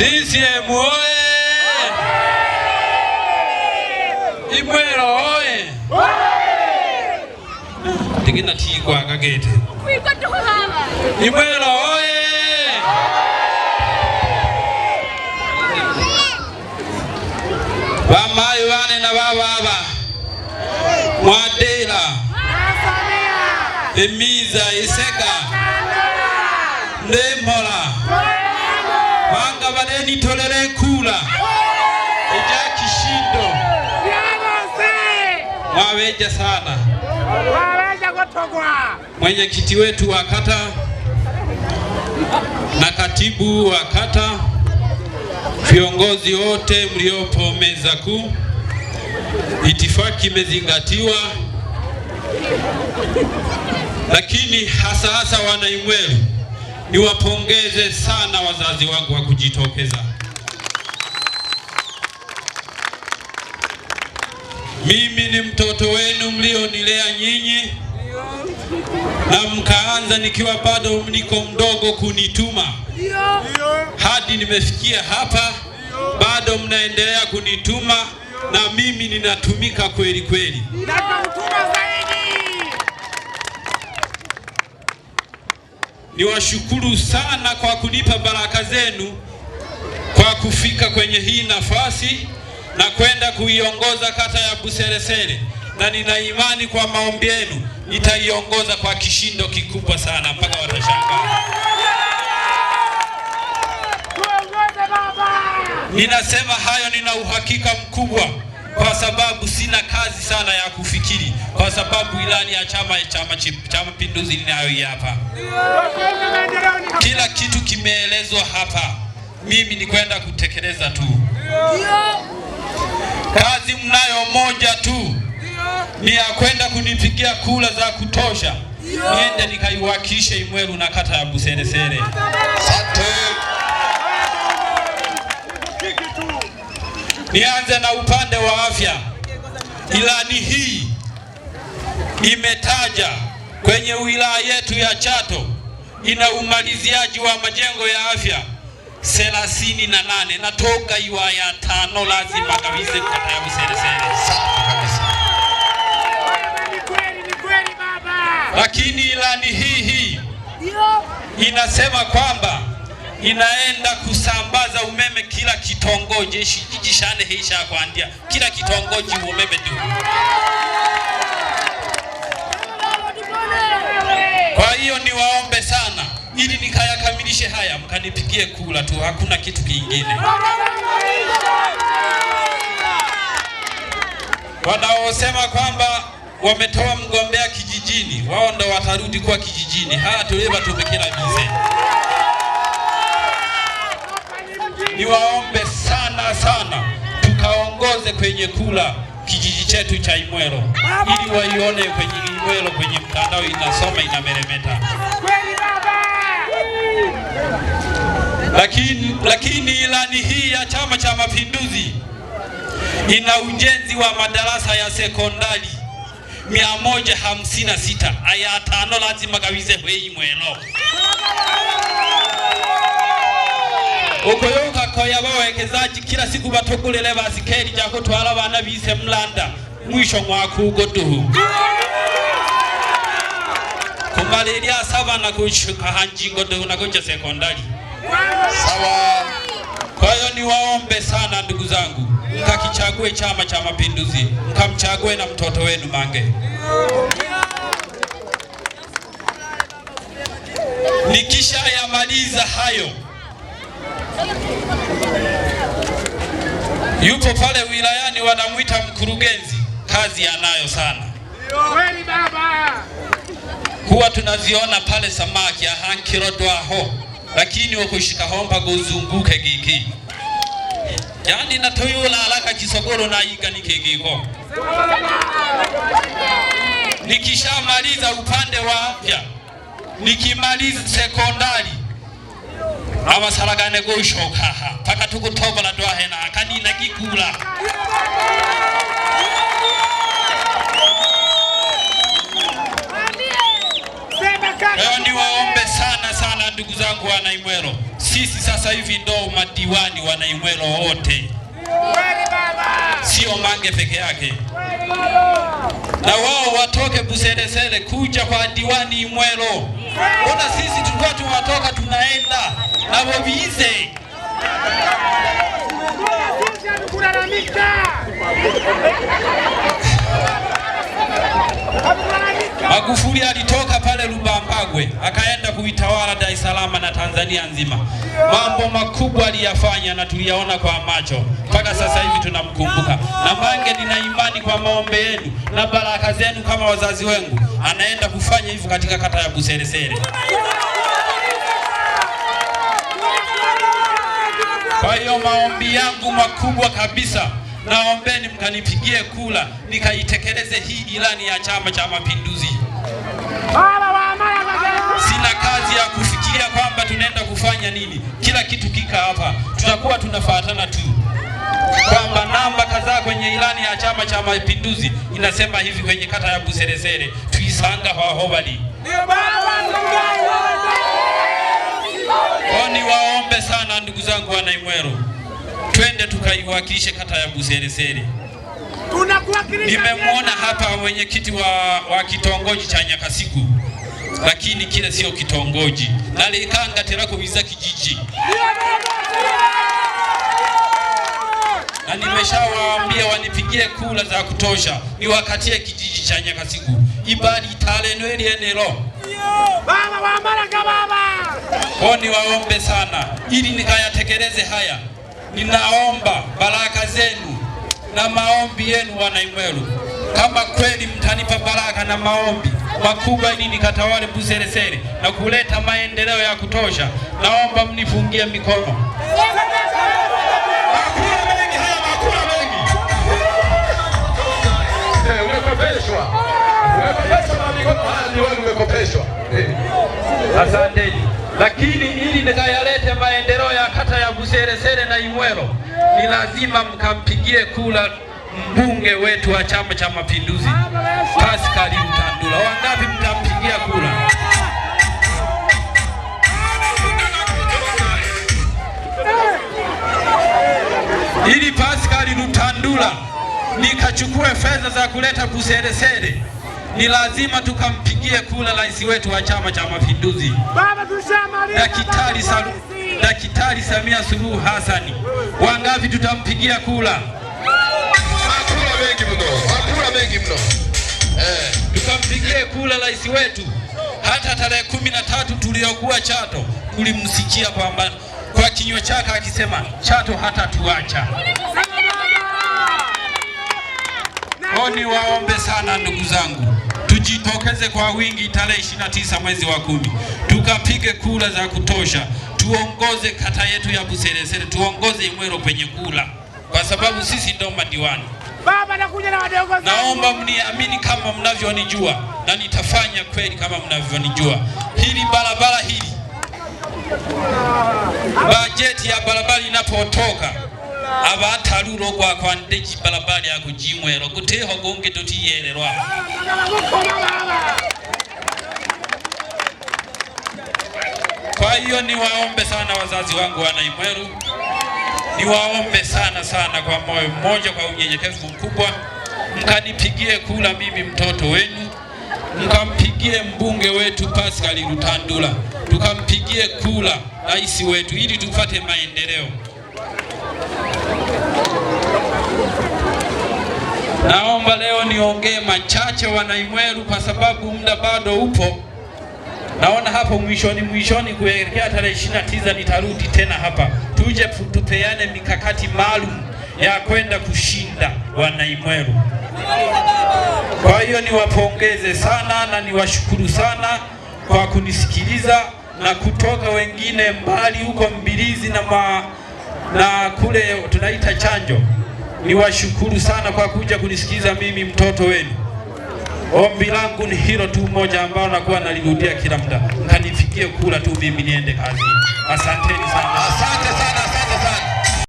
CCM oye! Imwero oye! Tikinatigwa kagete Imwero oye! Vamai vane na vavava mwadela emiza iseka ndemola Babareni tolelee kula eja kishindo mwaweja sana mwenyekiti wetu wa kata na katibu wa kata, viongozi wote mliopo meza kuu, itifaki imezingatiwa, lakini hasa hasa wanaimwelu niwapongeze sana wazazi wangu wa kujitokeza. Mimi ni mtoto wenu mlionilea nyinyi na mkaanza nikiwa bado niko mdogo kunituma hadi nimefikia hapa, bado mnaendelea kunituma na mimi ninatumika kweli kweli. niwashukuru sana kwa kunipa baraka zenu kwa kufika kwenye hii nafasi na kwenda kuiongoza kata ya Buseresere, na nina imani kwa maombi yenu nitaiongoza kwa kishindo kikubwa sana mpaka watashangaa. Ninasema hayo, nina uhakika mkubwa sina kazi sana ya kufikiri, kwa sababu ilani ya Chama cha Mapinduzi ninayo hapa, kila kitu kimeelezwa hapa, mimi ni kwenda kutekeleza tu. Kazi mnayo moja tu, ni ya kwenda kunipigia kula za kutosha, niende nikaiwakilishe Imweru na kata ya Buseresere. Nianze na upande wa afya. Ilani hii imetaja kwenye wilaya yetu ya Chato ina umaliziaji wa majengo ya afya 38 na nane natoka iwa ya tano lazima kabisa kata ya Buseresere. Lakini ilani hii hii inasema kwamba inaenda kusambaza umeme kila kitongoji ishane heisha kwandia kila kitongoji umeme tu. Kwa hiyo niwaombe sana, ili nikayakamilishe haya, mkanipigie kula tu, hakuna kitu kingine. Wanaosema kwamba wametoa mgombea kijijini, wao ndo watarudi kwa kijijini. Haya, tuleva tumekela mizee niwaombe sana sana, tukaongoze kwenye kula kijiji chetu cha Imwelo, ili waione kwenye Imwelo kwenye mtandao inasoma inameremeta. Lakini, lakini ilani hii ya Chama cha Mapinduzi ina ujenzi wa madarasa ya sekondari 156 aya tano lazima gawize hwe Imwelo ukoyoka abatoya bawekezaji kila siku batokulele basikeli jako kutwala bana bise mlanda mwisho mwakugo duhu kumbalilya saba na kushuka hanjingo duhu na kucha sekondari sawa. Kwa hiyo ni waombe sana ndugu zangu, mkakichague Chama cha Mapinduzi, mkamchague na mtoto wenu Mange. Nikisha yamaliza hayo yupo pale wilayani, wanamwita mkurugenzi, kazi anayo sana. Huwa tunaziona pale samaki ahankirodwaho lakini wokushika homba gozunguke giki yani natoyula alaka kisogoro na iganike giko nikishamaliza upande wa afya nikimaliza sekondari avasalagane gushokaha paka tukutovola dwahena akadina kikula Leo ni waombe sana sana, ndugu zangu Wanaimwelo, sisi sasa hivi ndo madiwani Wanaimwelo wote, sio Mange peke yake, na wao watoke Buselesele kuja kwa diwani Imwelo. Ona abo bize Magufuli alitoka pale Lubambagwe akaenda kuitawala Dar es Salaam na Tanzania nzima. Mambo makubwa aliyafanya na tuliyaona kwa macho, mpaka sasa hivi tunamkumbuka. Na Mange, nina imani kwa maombi yenu na baraka zenu kama wazazi wangu anaenda kufanya hivyo katika kata ya Buseresere. Kwa hiyo maombi yangu makubwa kabisa, naombeni mkanipigie kula nikaitekeleze hii ilani ya Chama cha Mapinduzi. Sina kazi ya kufikiria kwamba tunaenda kufanya nini, kila kitu kika hapa, tutakuwa tunafuatana tu kwamba namba kadhaa kwenye ilani ya Chama cha Mapinduzi inasema hivi kwenye kata ya Buseresere, tuisanga hwahobali kwa niwaombe sana ndugu zangu wana Imweru, twende tukaiwakilishe kata ya Buseresere. Nimemwona hapa mwenyekiti wa, wa kitongoji cha Nyakasiku, lakini kile sio kitongoji kuviza kijiji na nimeshawaambia wanipigie kula za kutosha niwakatie kijiji cha Nyakasiku ibadi italeno Baba wa Baraka Baba. Kwa waombe sana ili nikayatekeleze haya, ninaomba baraka zenu na maombi yenu wanaimwelu, kama kweli mtanipa baraka na maombi makubwa ili nikatawale Buseresere na kuleta maendeleo ya kutosha, naomba mnifungie mikono. mradi wenu umekopeshwa. Asanteni. Lakini ili nikayalete maendeleo ya kata ya Buseresere na Imwero ni lazima mkampigie kula mbunge wetu wa Chama cha Mapinduzi Pascal Mtandula. Wangapi mtampigia kula? ili Pascal Mtandula nikachukue fedha za kuleta Buseresere, ni lazima tukampigie tumpigie kula rais wetu wa Chama cha Mapinduzi Daktari Salu, Daktari Samia Suluhu Hassan. Wangapi tutampigia kula? Hakuna mengi mno, hakuna mengi mno. Eh, tukampigie kula rais wetu. Hata tarehe kumi na tatu tuliyokuwa Chato kulimsikia kwamba kwa kinywa chake akisema Chato hata tuacha oni. Waombe sana ndugu zangu tujitokeze kwa wingi tarehe 29 mwezi wa kumi, tukapige kura za kutosha, tuongoze kata yetu ya Buseresere, tuongoze Imwero penye kura, kwa sababu sisi ndio madiwani. Baba nakuja na wadogo zangu. Naomba mniamini kama mnavyonijua na nitafanya kweli kama mnavyonijua. Hili barabara hili, bajeti ya barabara inapotoka abataruro gwakwande jibalabali yago jimwero guteho gonge totiyererwa kwa hiyo niwaombe sana wazazi wangu wana Imweru, niwaombe sana sana kwa moyo mmoja, kwa unyenyekevu mkubwa, mkanipigie kula mimi mtoto wenu, mkampigie mbunge wetu Pascal Lutandula, tukampigie kula rais wetu ili tupate maendeleo. Naomba leo niongee machache Wanaimweru, kwa sababu muda bado upo. Naona hapo mwishoni mwishoni kuelekea tarehe 29 nitarudi tena hapa, tuje tupeane mikakati maalum ya kwenda kushinda Wanaimweru. Kwa hiyo niwapongeze sana na niwashukuru sana kwa kunisikiliza na kutoka wengine mbali huko Mbilizi na ma na kule tunaita chanjo. Niwashukuru sana kwa kuja kunisikiza mimi mtoto wenu. Ombi langu ni hilo tu moja ambalo nakuwa nalirudia kila muda, kanifikie kula tu, mimi niende kazi. Asanteni sana, asante sana.